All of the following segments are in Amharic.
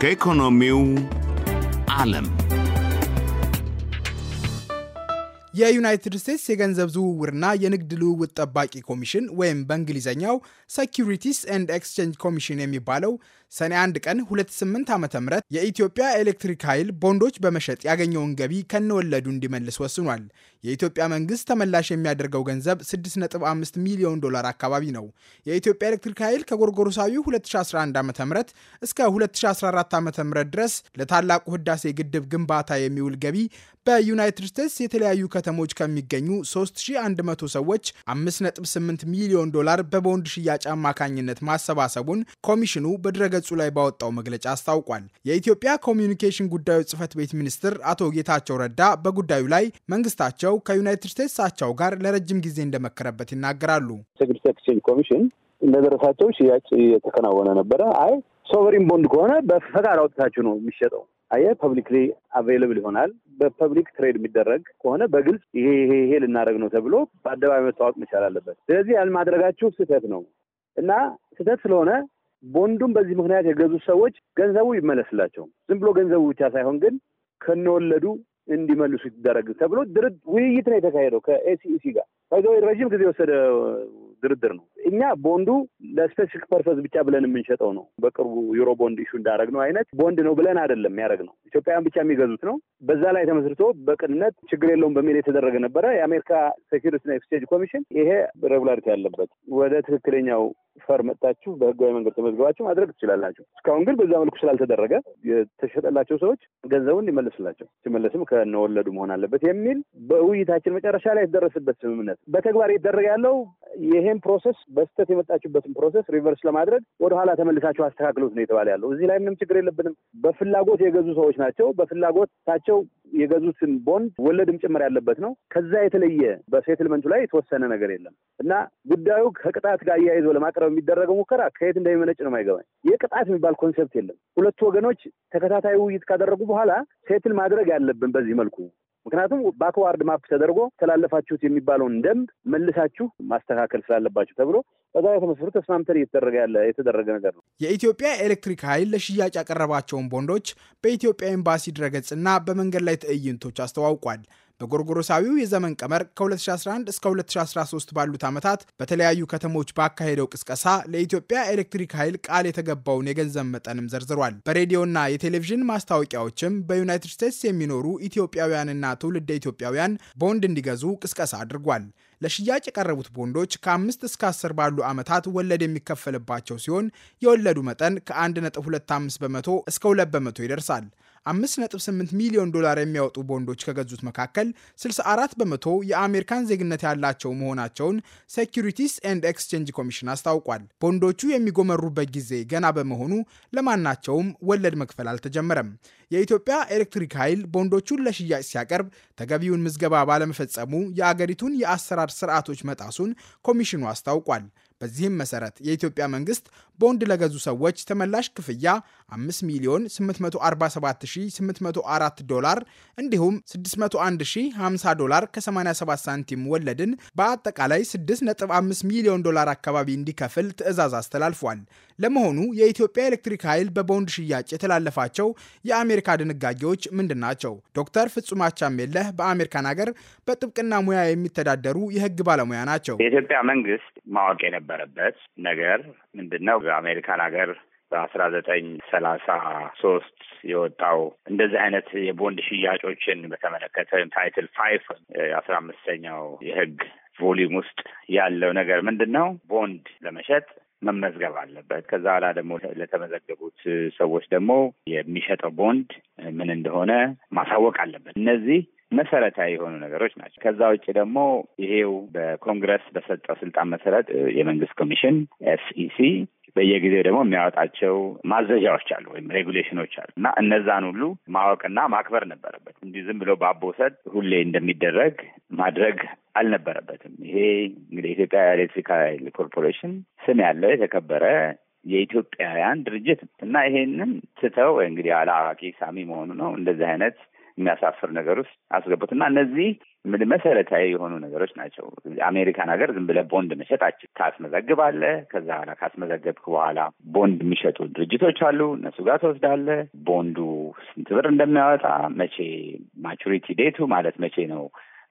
ከኢኮኖሚው ዓለም የዩናይትድ ስቴትስ የገንዘብ ዝውውርና የንግድ ልውውጥ ጠባቂ ኮሚሽን ወይም በእንግሊዝኛው ሴኪሪቲስ ኤንድ ኤክስቼንጅ ኮሚሽን የሚባለው ሰኔ 1 ቀን 28 ዓ ም የኢትዮጵያ ኤሌክትሪክ ኃይል ቦንዶች በመሸጥ ያገኘውን ገቢ ከነወለዱ እንዲመልስ ወስኗል። የኢትዮጵያ መንግስት ተመላሽ የሚያደርገው ገንዘብ 6.5 ሚሊዮን ዶላር አካባቢ ነው። የኢትዮጵያ ኤሌክትሪክ ኃይል ከጎርጎሮሳዊ 2011 ዓ ም እስከ 2014 ዓ ም ድረስ ለታላቁ ህዳሴ ግድብ ግንባታ የሚውል ገቢ በዩናይትድ ስቴትስ የተለያዩ ከተሞች ከሚገኙ 3100 ሰዎች 5.8 ሚሊዮን ዶላር በቦንድ ሽያጭ አማካኝነት ማሰባሰቡን ኮሚሽኑ በድረገ ገጹ ላይ ባወጣው መግለጫ አስታውቋል። የኢትዮጵያ ኮሚዩኒኬሽን ጉዳዮች ጽህፈት ቤት ሚኒስትር አቶ ጌታቸው ረዳ በጉዳዩ ላይ መንግስታቸው ከዩናይትድ ስቴትስ አቻው ጋር ለረጅም ጊዜ እንደመከረበት ይናገራሉ። ሴኩሪቲ ኤክስቼንጅ ኮሚሽን እንደደረሳቸው ሽያጭ የተከናወነ ነበረ። አይ ሶቨሪን ቦንድ ከሆነ በፈቃድ አውጥታችሁ ነው የሚሸጠው አየ ፐብሊክሊ አቬይለብል ይሆናል። በፐብሊክ ትሬድ የሚደረግ ከሆነ በግልጽ ይሄ ይሄ ይሄ ልናደረግ ነው ተብሎ በአደባባይ መታወቅ መቻል አለበት። ስለዚህ ያልማድረጋችሁ ስህተት ነው እና ስህተት ስለሆነ ቦንዱም በዚህ ምክንያት የገዙ ሰዎች ገንዘቡ ይመለስላቸው። ዝም ብሎ ገንዘቡ ብቻ ሳይሆን ግን ከነወለዱ እንዲመልሱ ይደረግ ተብሎ ድርድ ውይይት ነው የተካሄደው ከኤሲኢሲ ጋር። ይዘ ረዥም ጊዜ የወሰደ ድርድር ነው። እኛ ቦንዱ ለስፔሲፊክ ፐርፐዝ ብቻ ብለን የምንሸጠው ነው። በቅርቡ ዩሮ ቦንድ ኢሹ እንዳደረግነው አይነት ቦንድ ነው ብለን አይደለም ያደረግ ነው። ኢትዮጵያውያን ብቻ የሚገዙት ነው። በዛ ላይ ተመስርቶ በቅንነት ችግር የለውም በሚል የተደረገ ነበረ። የአሜሪካ ሴኪሪቲና ኤክስቼንጅ ኮሚሽን ይሄ ሬጉላሪቲ ያለበት ወደ ትክክለኛው ፈር መጥታችሁ በህጋዊ መንገድ ተመዝግባችሁ ማድረግ ትችላላችሁ። እስካሁን ግን በዛ መልኩ ስላልተደረገ የተሸጠላቸው ሰዎች ገንዘቡን ይመልስላቸው፣ ሲመለስም ከነወለዱ መሆን አለበት የሚል በውይይታችን መጨረሻ ላይ የተደረሰበት ስምምነት በተግባር እየተደረገ ያለው ይሄን ፕሮሰስ በስተት የመጣችሁበትን ፕሮሰስ ሪቨርስ ለማድረግ ወደኋላ ተመልሳችሁ አስተካክሉት ነው የተባለ ያለው። እዚህ ላይ ምንም ችግር የለብንም። በፍላጎት የገዙ ሰዎች ናቸው። በፍላጎታቸው የገዙትን ቦንድ ወለድም ጭምር ያለበት ነው። ከዛ የተለየ በሴትልመንቱ ላይ የተወሰነ ነገር የለም እና ጉዳዩ ከቅጣት ጋር አያይዞ ለማቅረብ የሚደረገው ሙከራ ከየት እንደሚመነጭ ነው የማይገባኝ። የቅጣት የሚባል ኮንሰፕት የለም። ሁለቱ ወገኖች ተከታታይ ውይይት ካደረጉ በኋላ ሴትል ማድረግ ያለብን በዚህ መልኩ ምክንያቱም በአክዋርድ ማፕ ተደርጎ ተላለፋችሁት የሚባለውን ደንብ መልሳችሁ ማስተካከል ስላለባችሁ ተብሎ በዛ ተመስሎ ተስማምተን እየተደረገ ያለ የተደረገ ነገር ነው። የኢትዮጵያ ኤሌክትሪክ ኃይል ለሽያጭ ያቀረባቸውን ቦንዶች በኢትዮጵያ ኤምባሲ ድረገጽና በመንገድ ላይ ትዕይንቶች አስተዋውቋል። በጎርጎሮሳዊው የዘመን ቀመር ከ2011 እስከ 2013 ባሉት ዓመታት በተለያዩ ከተሞች ባካሄደው ቅስቀሳ ለኢትዮጵያ ኤሌክትሪክ ኃይል ቃል የተገባውን የገንዘብ መጠንም ዘርዝሯል። በሬዲዮና የቴሌቪዥን ማስታወቂያዎችም በዩናይትድ ስቴትስ የሚኖሩ ኢትዮጵያውያንና ትውልደ ኢትዮጵያውያን ቦንድ እንዲገዙ ቅስቀሳ አድርጓል። ለሽያጭ የቀረቡት ቦንዶች ከአምስት እስከ አስር ባሉ ዓመታት ወለድ የሚከፈልባቸው ሲሆን የወለዱ መጠን ከ1.25 በመቶ እስከ 2 በመቶ ይደርሳል። 5.8 ሚሊዮን ዶላር የሚያወጡ ቦንዶች ከገዙት መካከል 64 በመቶ የአሜሪካን ዜግነት ያላቸው መሆናቸውን ሴኪሪቲስ ኤንድ ኤክስቼንጅ ኮሚሽን አስታውቋል። ቦንዶቹ የሚጎመሩበት ጊዜ ገና በመሆኑ ለማናቸውም ወለድ መክፈል አልተጀመረም። የኢትዮጵያ ኤሌክትሪክ ኃይል ቦንዶቹን ለሽያጭ ሲያቀርብ ተገቢውን ምዝገባ ባለመፈጸሙ የአገሪቱን የአሰራር ስርዓቶች መጣሱን ኮሚሽኑ አስታውቋል። በዚህም መሰረት የኢትዮጵያ መንግስት ቦንድ ለገዙ ሰዎች ተመላሽ ክፍያ 5 ሚሊዮን 847804 ዶላር እንዲሁም 601050 ዶላር ከ87 ሳንቲም ወለድን በአጠቃላይ 6.5 ሚሊዮን ዶላር አካባቢ እንዲከፍል ትዕዛዝ አስተላልፏል። ለመሆኑ የኢትዮጵያ ኤሌክትሪክ ኃይል በቦንድ ሽያጭ የተላለፋቸው የአሜሪካ ድንጋጌዎች ምንድን ናቸው? ዶክተር ፍጹማቻም የለህ በአሜሪካን ሀገር በጥብቅና ሙያ የሚተዳደሩ የህግ ባለሙያ ናቸው። የኢትዮጵያ መንግስት ማወቅ የነበረበት ነገር ምንድን ነው? በአሜሪካን ሀገር በአስራ ዘጠኝ ሰላሳ ሶስት የወጣው እንደዚህ አይነት የቦንድ ሽያጮችን በተመለከተ ታይትል ፋይፍ የአስራ አምስተኛው የህግ ቮሊዩም ውስጥ ያለው ነገር ምንድን ነው? ቦንድ ለመሸጥ መመዝገብ አለበት። ከዛ በኋላ ደግሞ ለተመዘገቡት ሰዎች ደግሞ የሚሸጠው ቦንድ ምን እንደሆነ ማሳወቅ አለበት። እነዚህ መሰረታዊ የሆኑ ነገሮች ናቸው። ከዛ ውጭ ደግሞ ይሄው በኮንግረስ በሰጠው ስልጣን መሰረት የመንግስት ኮሚሽን ኤስኢሲ በየጊዜው ደግሞ የሚያወጣቸው ማዘዣዎች አሉ ወይም ሬጉሌሽኖች አሉ እና እነዛን ሁሉ ማወቅና ማክበር ነበረበት። እንዲህ ዝም ብሎ በአቦሰድ ሁሌ እንደሚደረግ ማድረግ አልነበረበትም። ይሄ እንግዲህ የኢትዮጵያ ኤሌክትሪክ ኃይል ኮርፖሬሽን ስም ያለው የተከበረ የኢትዮጵያውያን ድርጅት እና ይሄንም ትተው እንግዲህ አላዋቂ ሳሚ መሆኑ ነው እንደዚህ አይነት የሚያሳፍር ነገር ውስጥ አስገቡት እና እነዚህ መሰረታዊ የሆኑ ነገሮች ናቸው። አሜሪካን ሀገር ዝም ብለህ ቦንድ መሸጥ ታስመዘግባለህ። ከዛ በኋላ ካስመዘገብክ በኋላ ቦንድ የሚሸጡ ድርጅቶች አሉ። እነሱ ጋር ትወስዳለህ። ቦንዱ ስንት ብር እንደሚያወጣ መቼ ማቹሪቲ ዴቱ ማለት መቼ ነው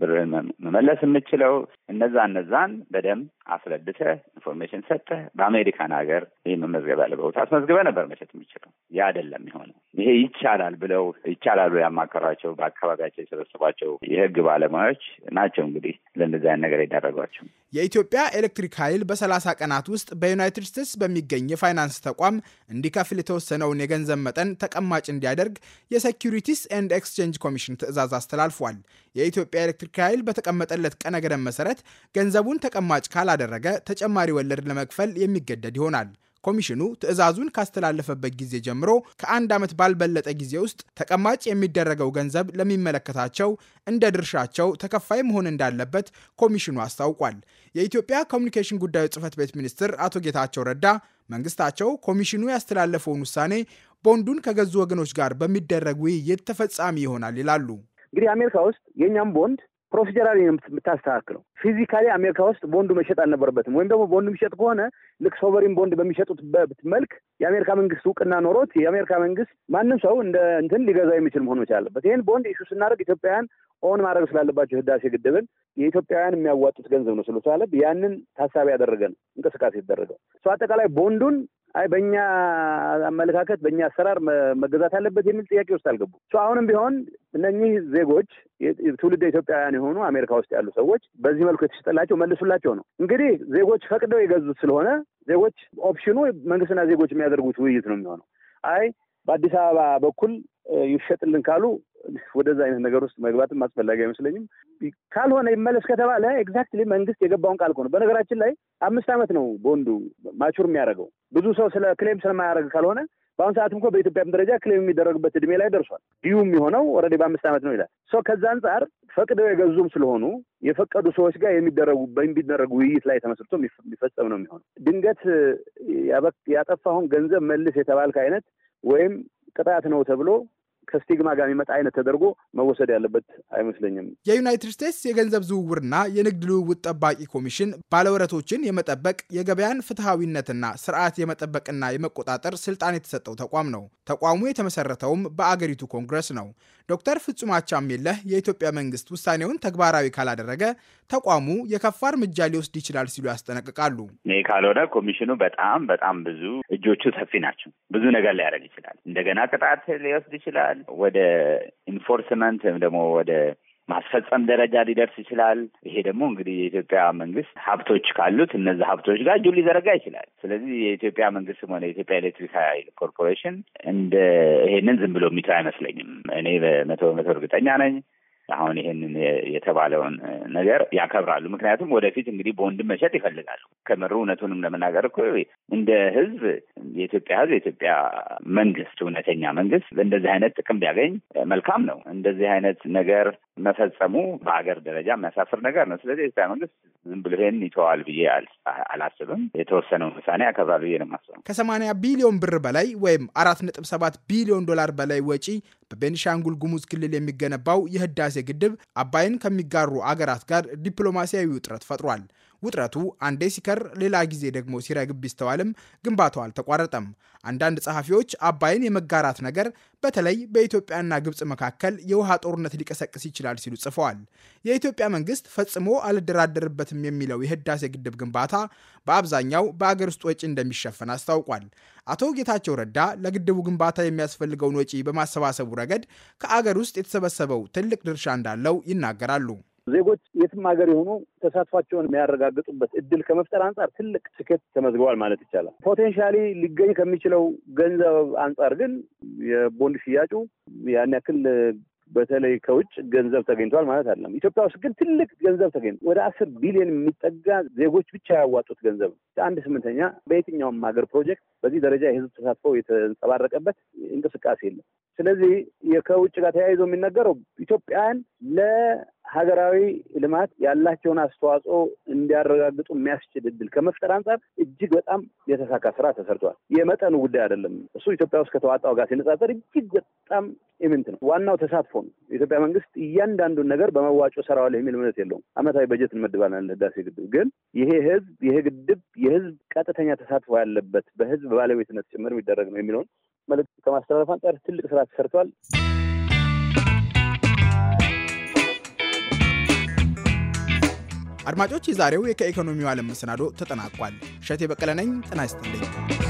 ብርህን መመለስ የምችለው እነዛ እነዛን በደንብ አስረድተህ ኢንፎርሜሽን ሰጠህ። በአሜሪካን ሀገር ይህ መመዝገብ ያለ ቦታ አስመዝግበህ ነበር መሸጥ የሚችለው። ያ አይደለም የሆነው። ይሄ ይቻላል ብለው ይቻላል ብለው ያማከሯቸው በአካባቢያቸው የሰበሰቧቸው የህግ ባለሙያዎች ናቸው እንግዲህ ለእንደዚህ አይነት ነገር የዳረጓቸው። የኢትዮጵያ ኤሌክትሪክ ኃይል በሰላሳ ቀናት ውስጥ በዩናይትድ ስቴትስ በሚገኝ የፋይናንስ ተቋም እንዲከፍል የተወሰነውን የገንዘብ መጠን ተቀማጭ እንዲያደርግ የሴኪሪቲስ ኤንድ ኤክስቼንጅ ኮሚሽን ትዕዛዝ አስተላልፏል። የኢትዮጵያ ኤሌክትሪክ ኃይል በተቀመጠለት ቀነ ገደብ መሰረት ገንዘቡን ተቀማጭ ካላ ካላደረገ ተጨማሪ ወለድ ለመክፈል የሚገደድ ይሆናል። ኮሚሽኑ ትዕዛዙን ካስተላለፈበት ጊዜ ጀምሮ ከአንድ ዓመት ባልበለጠ ጊዜ ውስጥ ተቀማጭ የሚደረገው ገንዘብ ለሚመለከታቸው እንደ ድርሻቸው ተከፋይ መሆን እንዳለበት ኮሚሽኑ አስታውቋል። የኢትዮጵያ ኮሚኒኬሽን ጉዳዮች ጽህፈት ቤት ሚኒስትር አቶ ጌታቸው ረዳ መንግስታቸው ኮሚሽኑ ያስተላለፈውን ውሳኔ ቦንዱን ከገዙ ወገኖች ጋር በሚደረግ ውይይት ተፈጻሚ ይሆናል ይላሉ። እንግዲህ አሜሪካ ውስጥ የእኛም ቦንድ ፕሮሲጀራሊ ነው የምታስተካክለው። ፊዚካሊ አሜሪካ ውስጥ ቦንዱ መሸጥ አልነበረበትም። ወይም ደግሞ ቦንዱ የሚሸጥ ከሆነ ልክ ሶቨሪን ቦንድ በሚሸጡት መልክ የአሜሪካ መንግስት እውቅና ኖሮት የአሜሪካ መንግስት ማንም ሰው እንደ እንትን ሊገዛ የሚችል መሆን መቻል አለበት። ይህን ቦንድ ኢሹ ስናደርግ ኢትዮጵያውያን ኦን ማድረግ ስላለባቸው ህዳሴ ግድብን የኢትዮጵያውያን የሚያዋጡት ገንዘብ ነው ስለተባለ ያንን ታሳቢ ያደረገ ነው እንቅስቃሴ የተደረገው። አጠቃላይ ቦንዱን አይ በእኛ አመለካከት በእኛ አሰራር መገዛት አለበት የሚል ጥያቄ ውስጥ አልገቡ። አሁንም ቢሆን እነኚህ ዜጎች ትውልደ ኢትዮጵያውያን የሆኑ አሜሪካ ውስጥ ያሉ ሰዎች በዚህ መልኩ የተሸጠላቸው መልሱላቸው ነው። እንግዲህ ዜጎች ፈቅደው የገዙት ስለሆነ ዜጎች ኦፕሽኑ መንግስትና ዜጎች የሚያደርጉት ውይይት ነው የሚሆነው። አይ በአዲስ አበባ በኩል ይሸጥልን ካሉ ወደዛ አይነት ነገር ውስጥ መግባትም አስፈላጊ አይመስለኝም። ካልሆነ ይመለስ ከተባለ ኤግዛክትሊ መንግስት የገባውን ቃል ነው። በነገራችን ላይ አምስት ዓመት ነው ቦንዱ ማቹር የሚያደርገው ብዙ ሰው ስለ ክሌም ስለማያደርግ ካልሆነ በአሁኑ ሰዓትም እኮ በኢትዮጵያም ደረጃ ክሌም የሚደረግበት እድሜ ላይ ደርሷል። ዲዩ የሚሆነው ኦልሬዲ በአምስት ዓመት ነው ይላል። ሰው ከዛ አንጻር ፈቅደው የገዙም ስለሆኑ የፈቀዱ ሰዎች ጋር የሚደረጉ በሚደረግ ውይይት ላይ ተመስርቶ የሚፈጸም ነው የሚሆነው። ድንገት ያጠፋሁን ገንዘብ መልስ የተባልክ አይነት ወይም ቅጣት ነው ተብሎ ከስቲግማ ጋር የሚመጣ አይነት ተደርጎ መወሰድ ያለበት አይመስለኝም። የዩናይትድ ስቴትስ የገንዘብ ዝውውርና የንግድ ልውውጥ ጠባቂ ኮሚሽን ባለወረቶችን የመጠበቅ የገበያን ፍትሐዊነትና ስርዓት የመጠበቅና የመቆጣጠር ስልጣን የተሰጠው ተቋም ነው። ተቋሙ የተመሰረተውም በአገሪቱ ኮንግረስ ነው። ዶክተር ፍጹም አቻምየለህ የኢትዮጵያ መንግስት ውሳኔውን ተግባራዊ ካላደረገ ተቋሙ የከፋ እርምጃ ሊወስድ ይችላል ሲሉ ያስጠነቅቃሉ። ይህ ካልሆነ ኮሚሽኑ በጣም በጣም ብዙ እጆቹ ሰፊ ናቸው። ብዙ ነገር ሊያደርግ ይችላል። እንደገና ቅጣት ሊወስድ ይችላል። ይችላል፣ ወደ ኢንፎርስመንት ወይም ደግሞ ወደ ማስፈጸም ደረጃ ሊደርስ ይችላል። ይሄ ደግሞ እንግዲህ የኢትዮጵያ መንግስት ሀብቶች ካሉት እነዚ ሀብቶች ጋር እጁ ሊዘረጋ ይችላል። ስለዚህ የኢትዮጵያ መንግስትም ሆነ የኢትዮጵያ ኤሌክትሪክ ኃይል ኮርፖሬሽን እንደ ይሄንን ዝም ብሎ የሚተው አይመስለኝም። እኔ በመቶ በመቶ እርግጠኛ ነኝ። አሁን ይሄንን የተባለውን ነገር ያከብራሉ። ምክንያቱም ወደፊት እንግዲህ በወንድም መሸጥ ይፈልጋሉ። ከምሩ እውነቱንም ለመናገር እኮ እንደ ህዝብ የኢትዮጵያ ህዝብ የኢትዮጵያ መንግስት እውነተኛ መንግስት እንደዚህ አይነት ጥቅም ቢያገኝ መልካም ነው። እንደዚህ አይነት ነገር መፈጸሙ በሀገር ደረጃ የሚያሳፍር ነገር ነው። ስለዚህ የኢትዮጵያ መንግስት ዝም ብሎ ይሄን ይተዋል ብዬ አላስብም። የተወሰነው ውሳኔ ያከብራል ብዬ ነው የማስበው። ከሰማንያ ቢሊዮን ብር በላይ ወይም አራት ነጥብ ሰባት ቢሊዮን ዶላር በላይ ወጪ በቤንሻንጉል ጉሙዝ ክልል የሚገነባው የህዳሴ ግድብ አባይን ከሚጋሩ አገራት ጋር ዲፕሎማሲያዊ ውጥረት ፈጥሯል። ውጥረቱ አንዴ ሲከር ሌላ ጊዜ ደግሞ ሲረግብ ቢስተዋልም ግንባታው አልተቋረጠም። አንዳንድ ጸሐፊዎች አባይን የመጋራት ነገር በተለይ በኢትዮጵያና ግብፅ መካከል የውሃ ጦርነት ሊቀሰቅስ ይችላል ሲሉ ጽፈዋል። የኢትዮጵያ መንግስት ፈጽሞ አልደራደርበትም የሚለው የህዳሴ ግድብ ግንባታ በአብዛኛው በአገር ውስጥ ወጪ እንደሚሸፈን አስታውቋል። አቶ ጌታቸው ረዳ ለግድቡ ግንባታ የሚያስፈልገውን ወጪ በማሰባሰቡ ረገድ ከአገር ውስጥ የተሰበሰበው ትልቅ ድርሻ እንዳለው ይናገራሉ። ዜጎች የትም ሀገር የሆኑ ተሳትፏቸውን የሚያረጋግጡበት እድል ከመፍጠር አንጻር ትልቅ ስኬት ተመዝግቧል ማለት ይቻላል። ፖቴንሻሊ ሊገኝ ከሚችለው ገንዘብ አንጻር ግን የቦንድ ሽያጩ ያን ያክል በተለይ ከውጭ ገንዘብ ተገኝቷል ማለት አይደለም። ኢትዮጵያ ውስጥ ግን ትልቅ ገንዘብ ተገኝ ወደ አስር ቢሊዮን የሚጠጋ ዜጎች ብቻ ያዋጡት ገንዘብ አንድ ስምንተኛ በየትኛውም ሀገር ፕሮጀክት በዚህ ደረጃ የህዝብ ተሳትፎ የተንጸባረቀበት እንቅስቃሴ የለም። ስለዚህ ከውጭ ጋር ተያይዞ የሚነገረው ኢትዮጵያን ለሀገራዊ ልማት ያላቸውን አስተዋጽኦ እንዲያረጋግጡ የሚያስችል እድል ከመፍጠር አንጻር እጅግ በጣም የተሳካ ስራ ተሰርቷል። የመጠኑ ጉዳይ አይደለም። እሱ ኢትዮጵያ ውስጥ ከተዋጣው ጋር ሲነጻጸር እጅግ በጣም ኢምንት ነው። ዋናው ተሳትፎ ነው። የኢትዮጵያ መንግስት እያንዳንዱን ነገር በመዋጮ ሰራዋለሁ የሚል እምነት የለውም። አመታዊ በጀት እንመድባለን ለህዳሴ ግድብ። ግን ይሄ ህዝብ ይሄ ግድብ የህዝብ ቀጥተኛ ተሳትፎ ያለበት በህዝብ ባለቤትነት ጭምር የሚደረግ ነው የሚለውን መልእክት ከማስተላለፍ አንጻር ትልቅ ስራ ተሰርቷል። አድማጮች፣ የዛሬው የከኢኮኖሚው ዓለም መሰናዶ ተጠናቋል። እሸቴ በቀለ ነኝ። ጤና ይስጥልኝ።